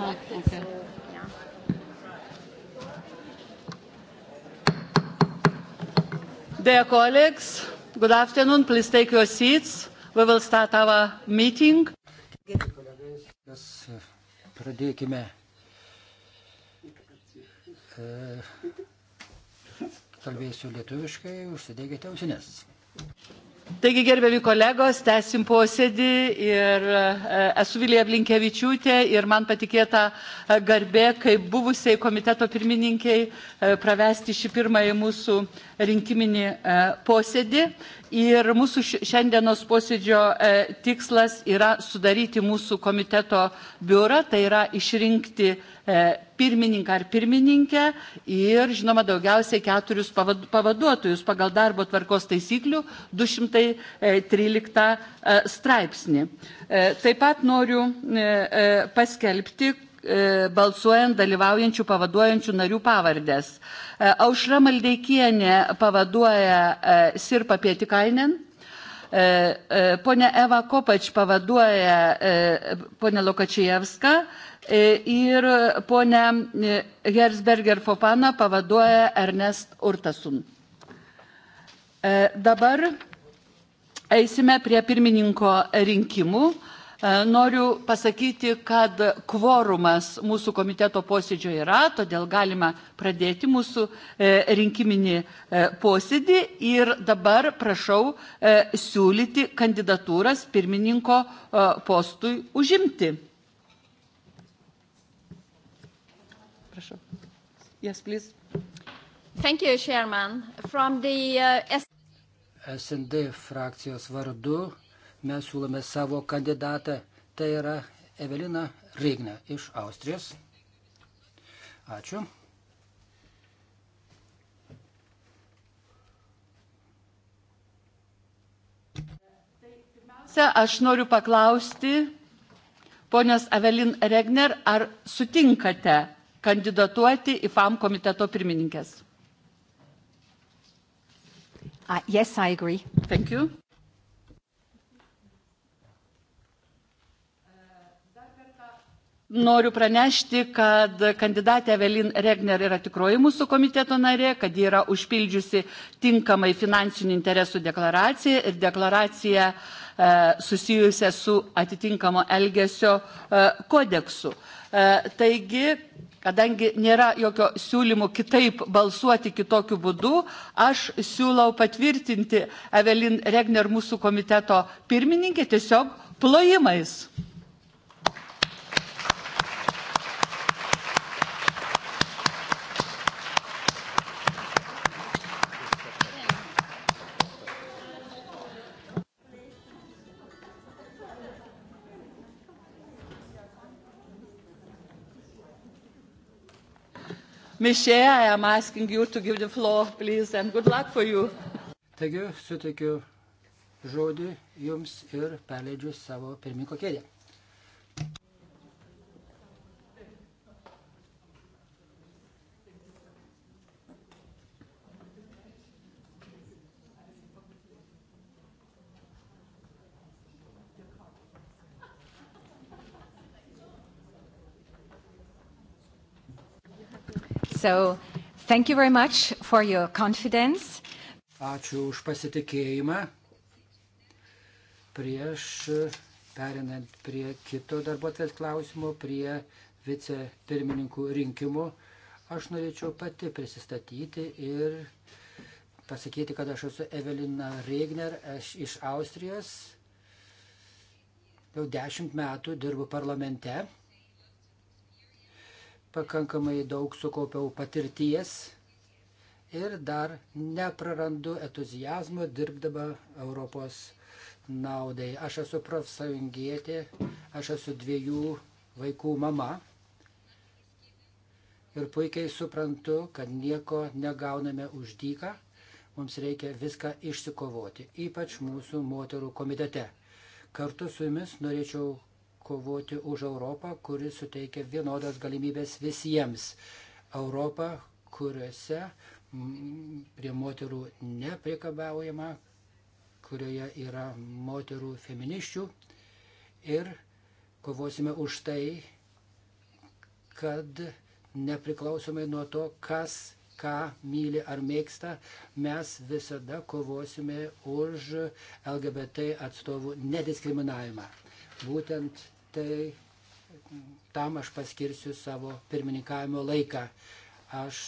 Ah, okay. Dear colleagues, good afternoon. Please take your seats. We will start our meeting. Eh, pradėkime eh, kalbėsiu lietuviškai, užsidėkite ausinės. Taigi, gerbiami kolegos, tęsim posėdį ir e, esu Vilija Blinkevičiūtė ir man patikėta e, garbė, kaip buvusiai komiteto pirmininkiai, e, pravesti šį pirmąjį mūsų rinkiminį posėdį. Ir mūsų šiandienos posėdžio tikslas yra sudaryti mūsų komiteto biurą, tai yra išrinkti E, pirmininką ar pirmininkę ir, žinoma, daugiausiai keturius pavaduotojus pagal darbo tvarkos taisyklių 213 e, e, straipsnį. Taip pat noriu paskelbti, balsuojant dalyvaujančių pavaduojančių narių pavardės. Aušra Maldeikienė pavaduoja Sirpa Pietikainen, E, e, pone Eva Kopač pavaduoja e, pone Lukačievską ir pone Herzberger Fofana pavaduoja Ernest Urtasun. Dabar eisime prie pirmininko rinkimų. E, noriu pasakyti, kad kvorumas mūsų komiteto posėdžio yra, todėl galima pradėti mūsų e, rinkiminį e, posėdį ir dabar prašau siūlyti kandidatūras pirmininko postui užimti. Prašau. Yes, please. Thank you, Chairman. From the uh, SND frakcijos vardu mes siūlome savo kandidatą. Tai yra Evelina Regna iš Austrijos. Ačiū. Aš noriu paklausti, ponios Evelin Regner, ar sutinkate kandidatuoti į FAM komiteto pirmininkės? Uh, yes, I agree. Thank you. Noriu pranešti, kad kandidatė Evelin Regner yra tikroji mūsų komiteto narė, kad ji yra užpildžiusi tinkamai finansinių interesų deklaraciją ir deklaraciją e, susijusią su atitinkamo elgesio e, kodeksu. E, taigi, kadangi nėra jokio siūlymo kitaip balsuoti kitokiu būdu, aš siūlau patvirtinti Evelin Regner mūsų komiteto pirmininkę tiesiog plojimais. Mišė, I am asking you to give the floor, please, and good luck for you. Taigi, sutikiu žodį jums ir perleidžiu savo pirmininko kėdę. So, thank you very much for your confidence. Ačiū už pasitikėjimą. Prieš e, perinant prie kito darbuotojas klausimo, prie vicepirmininkų rinkimų, aš norėčiau pati prisistatyti ir pasakyti, kad aš esu Evelina Regner, aš iš Austrijos. Jau dešimt metų dirbu parlamente pakankamai daug sukaupiau patirties ir dar neprarandu entuzijazmo dirbdama Europos naudai. Aš esu profsąjungietė, aš esu dviejų vaikų mama ir puikiai suprantu, kad nieko negauname už dyką, mums reikia viską išsikovoti, ypač mūsų moterų komitete. Kartu su jumis norėčiau kovoti už Europą, kuris suteikia vienodas galimybės visiems. Europą, kuriuose prie moterų neprikabaujama, kurioje yra moterų feminiščių. Ir kovosime už tai, kad nepriklausomai nuo to, kas ką myli ar mėgsta, mes visada kovosime už LGBT atstovų nediskriminavimą. Būtent tai tam aš paskirsiu savo pirmininkavimo laiką. Aš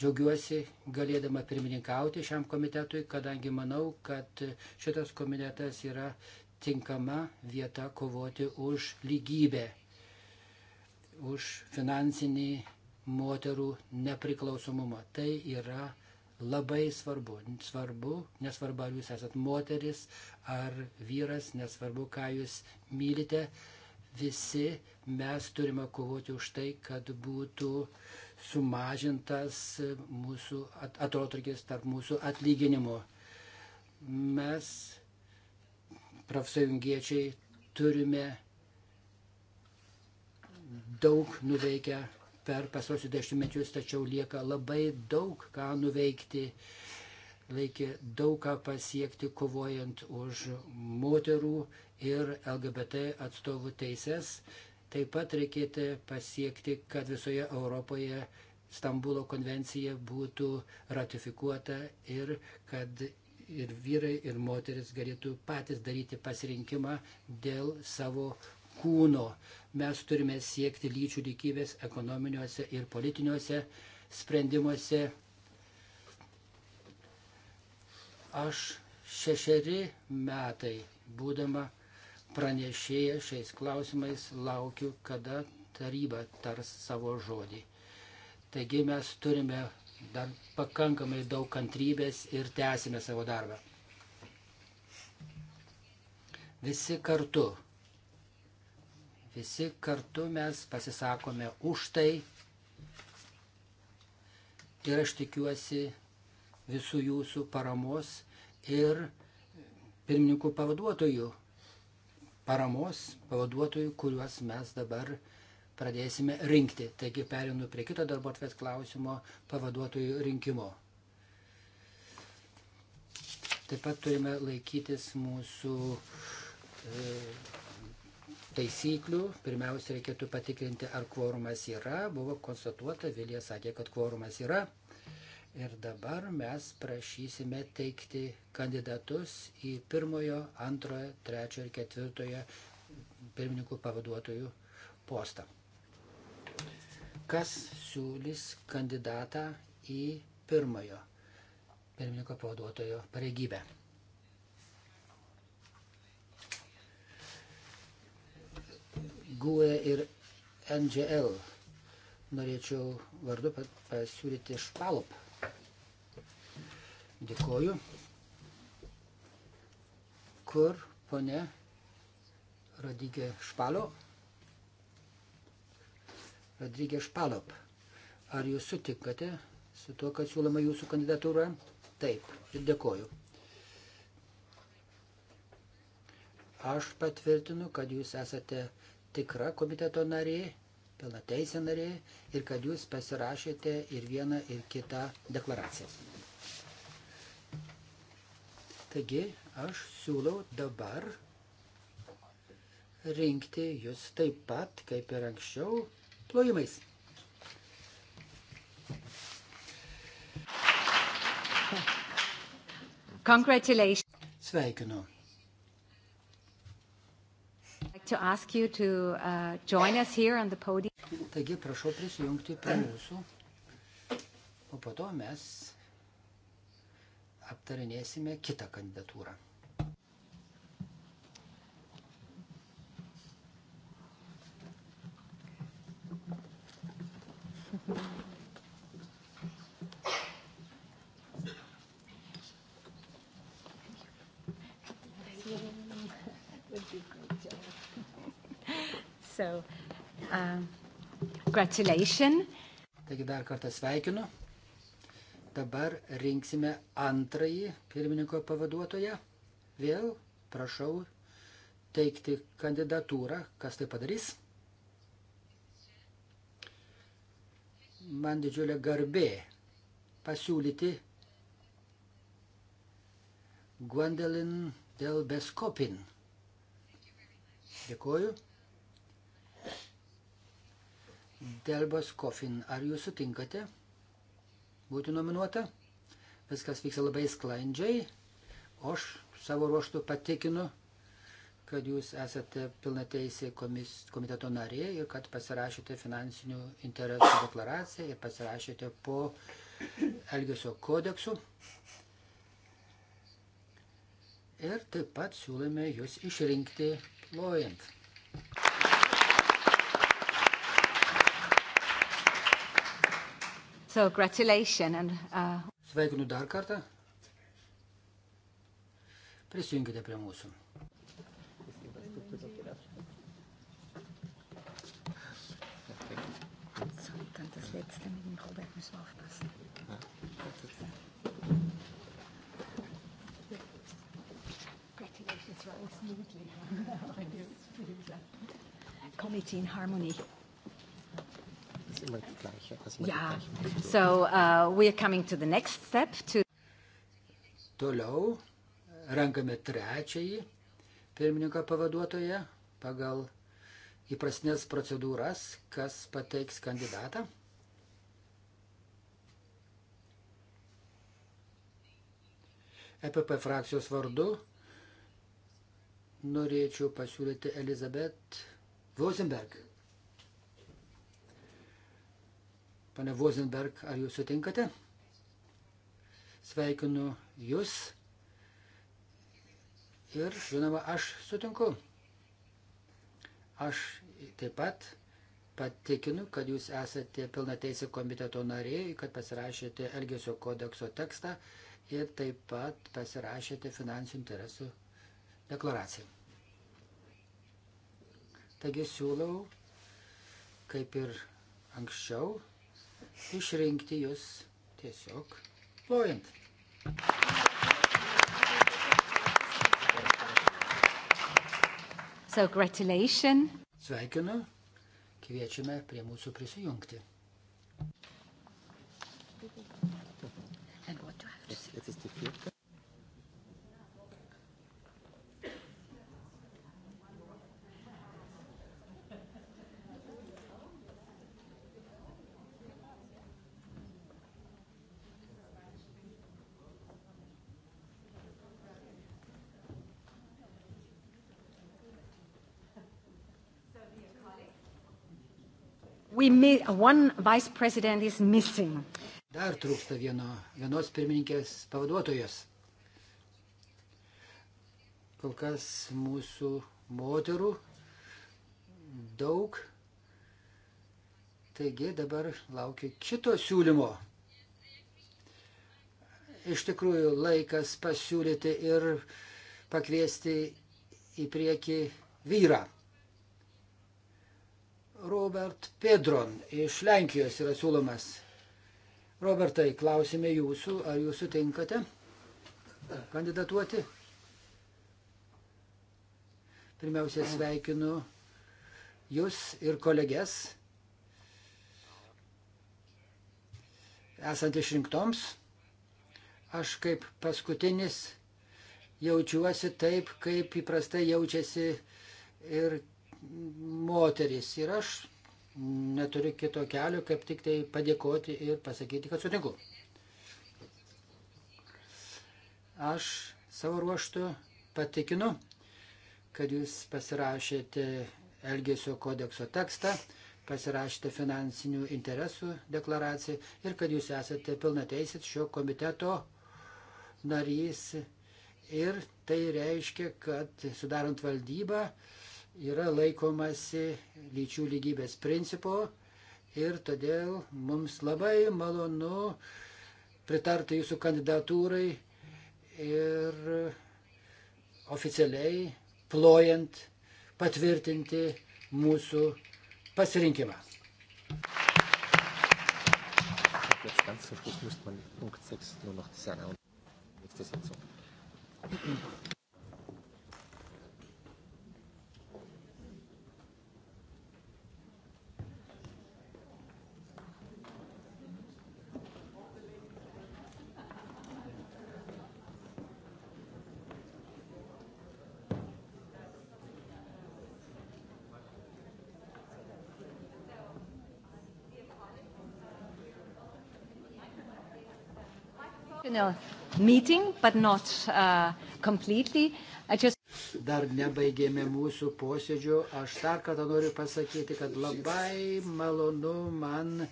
džiaugiuosi galėdama pirmininkauti šiam komitetui, kadangi manau, kad šitas komitetas yra tinkama vieta kovoti už lygybę, už finansinį moterų nepriklausomumą. Tai yra labai svarbu. Svarbu, nesvarbu, ar jūs esat moteris ar vyras, nesvarbu, ką jūs mylite, visi mes turime kovoti už tai, kad būtų sumažintas mūsų atotrukis tarp mūsų atlyginimo. Mes, profsąjungiečiai, turime daug nuveikę per pasosius dešimtmečius, tačiau lieka labai daug ką nuveikti, reikia daug ką pasiekti, kovojant už moterų ir LGBT atstovų teises. Taip pat reikėtų pasiekti, kad visoje Europoje Stambulo konvencija būtų ratifikuota ir kad ir vyrai, ir moteris galėtų patys daryti pasirinkimą dėl savo kūno. Mes turime siekti lyčių lygybės ekonominiuose ir politiniuose sprendimuose. Aš šešeri metai, būdama pranešėja šiais klausimais, laukiu, kada taryba tars savo žodį. Taigi mes turime dar pakankamai daug kantrybės ir tęsime savo darbą. Visi kartu Visi kartu mes pasisakome už tai ir aš tikiuosi visų jūsų paramos ir pirmininkų pavaduotojų paramos, pavaduotojų, kuriuos mes dabar pradėsime rinkti. Taigi perinu prie kito darbo atvės klausimo pavaduotojų rinkimo. Taip pat turime laikytis mūsų e, taisyklių. Pirmiausia, reikėtų patikrinti, ar kvorumas yra. Buvo konstatuota, Vilija sakė, kad kvorumas yra. Ir dabar mes prašysime teikti kandidatus į pirmojo, antrojo, trečiojo ir ketvirtojo pirmininkų pavaduotojų postą. Kas siūlys kandidatą į pirmojo pirmininko pavaduotojo pareigybę? GUE ir NGL. Norėčiau vardu pasiūlyti Špalop. Dėkoju. Kur ponė Radigė Špalo? Radigė Špalop. Ar jūs sutinkate su tuo, kad siūloma jūsų kandidatūra? Taip, ir dėkoju. Aš patvirtinu, kad jūs esate uh, tikra komiteto narė, pilna teisė narė ir kad jūs pasirašėte ir vieną, ir kitą deklaraciją. Taigi aš siūlau dabar rinkti jūs taip pat, kaip ir anksčiau, plojimais. Congratulations. Sveikinu to ask you to uh, join us here on the podium. Taigi prašau prisijungti prie mūsų, o po to mes aptarinėsime kitą kandidatūrą. So, um, congratulations. Taigi dar kartą sveikinu. Dabar rinksime antrąjį pirmininko pavaduotoją. Vėl prašau teikti kandidatūrą. Kas tai padarys? Man didžiulė garbė pasiūlyti Gwendolyn Del Beskopin. Dėkuoju. Delbas Kofin, ar jūs sutinkate būti nominuota? Viskas vyksta labai sklandžiai. O aš savo ruoštų patikinu, kad jūs esate pilnateisė komiteto narė ir kad pasirašėte finansinių interesų deklaraciją ir pasirašėte po Elgesio kodeksu. Ir taip pat siūlome jūs išrinkti plojant. So, congratulations. And, uh... Sveikinu dar kartą. Prisijunkite prie mūsų. Das letzte mit dem Robert müssen wir aufpassen. Ja. Congratulations, Rose. Committee in harmony immer die gleiche. Also immer ja, die gleiche so uh, we are coming to the next step. To... Toliau renkame trečiąjį pirmininką pavaduotoją pagal įprasnės procedūras, kas pateiks kandidatą. EPP frakcijos vardu norėčiau pasiūlyti Elizabet Vosenberg. Pane Vozenberg, ar jūs sutinkate? Sveikinu jūs. Ir, žinoma, aš sutinku. Aš taip pat patikinu, kad jūs esate pilna teisė komiteto nariai, kad pasirašėte Elgesio kodekso tekstą ir taip pat pasirašėte finansinių interesų deklaraciją. Taigi siūlau, kaip ir anksčiau, išrinkti jūs tiesiog plojant. So, Sveikinu, kviečiame prie mūsų prisijungti. one vice president is missing. Dar trūksta vieno, vienos pirmininkės pavaduotojos. Kol kas mūsų moterų daug. Taigi dabar laukiu kito siūlymo. Iš tikrųjų, laikas pasiūlyti ir pakviesti į priekį vyrą. Robert Pedron iš Lenkijos yra siūlomas. Robertai, klausime jūsų, ar jūs sutinkate kandidatuoti? Pirmiausia, sveikinu jūs ir kolegės esant išrinktoms. Aš kaip paskutinis jaučiuosi taip, kaip įprastai jaučiasi ir moteris. Ir aš neturiu kito kelio, kaip tik tai padėkoti ir pasakyti, kad sutinku. Aš savo ruoštų patikinu, kad jūs pasirašėte Elgesio kodekso tekstą, pasirašėte finansinių interesų deklaraciją ir kad jūs esate pilnateisit šio komiteto narys. Ir tai reiškia, kad sudarant valdybą, uh, yra laikomasi lyčių lygybės principo ir todėl mums labai malonu pritarti jūsų kandidatūrai ir oficialiai plojant patvirtinti mūsų pasirinkimą. Jetzt ganz zum Schluss müsste man Punkt 6 nur noch die Sahne und nächste Sitzung. Meeting, but not uh, completely. I just... Dar nebaigėme mūsų posėdžio. Aš dar kartą noriu pasakyti, kad labai malonu man e,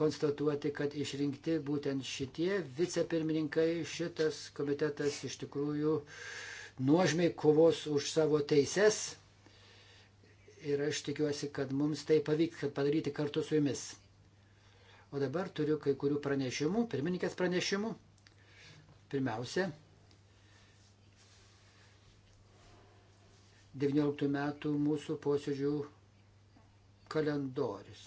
konstatuoti, kad išrinkti būtent šitie vicepirmininkai, šitas komitetas iš tikrųjų nuožmiai kovos už savo teises. Ir aš tikiuosi, kad mums tai pavyks padaryti kartu su jumis. O dabar turiu kai kurių pranešimų, pirmininkės pranešimų. Pirmiausia, 19 metų mūsų posėdžių kalendorius.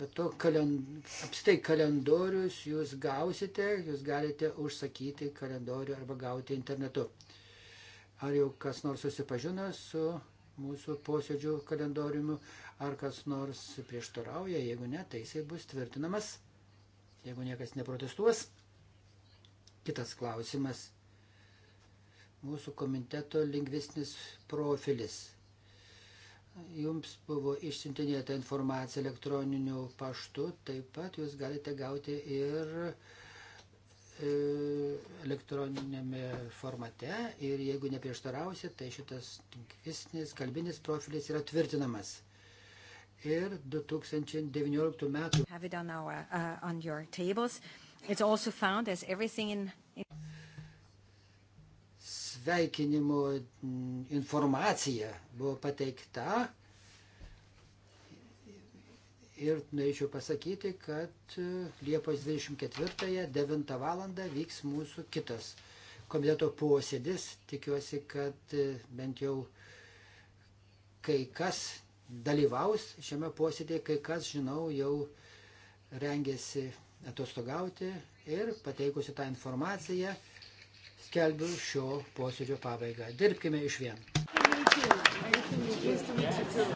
Bet to kalend... apstai kalendorius jūs gausite, jūs galite užsakyti kalendorių arba gauti internetu. Ar jau kas nors susipažino su mūsų posėdžių kalendoriumi, ar kas nors prieštarauja, jeigu ne, tai jisai bus tvirtinamas, jeigu niekas neprotestuos. Kitas klausimas. Mūsų komiteto lingvistinis profilis. Jums buvo išsintinėta informacija elektroniniu paštu, taip pat jūs galite gauti ir uh, E, elektroninėme formate ir jeigu neprieštarausi, tai šitas tinklinis kalbinis profilis yra tvirtinamas. Ir 2019 metų. Have it on our, uh, on your tables. It's also found as everything in. in... Sveikinimo mm, informacija buvo pateikta Ir norėčiau pasakyti, kad e, Liepos 24-ąją 9 val. vyks mūsų kitas komiteto posėdis. Tikiuosi, kad e, bent jau kai kas dalyvaus šiame posėdėje, kai kas, žinau, jau rengėsi atostogauti ir pateikusi tą informaciją skelbiu šio posėdžio pabaigą. Dirbkime iš vien. Thank you. Nice to meet you.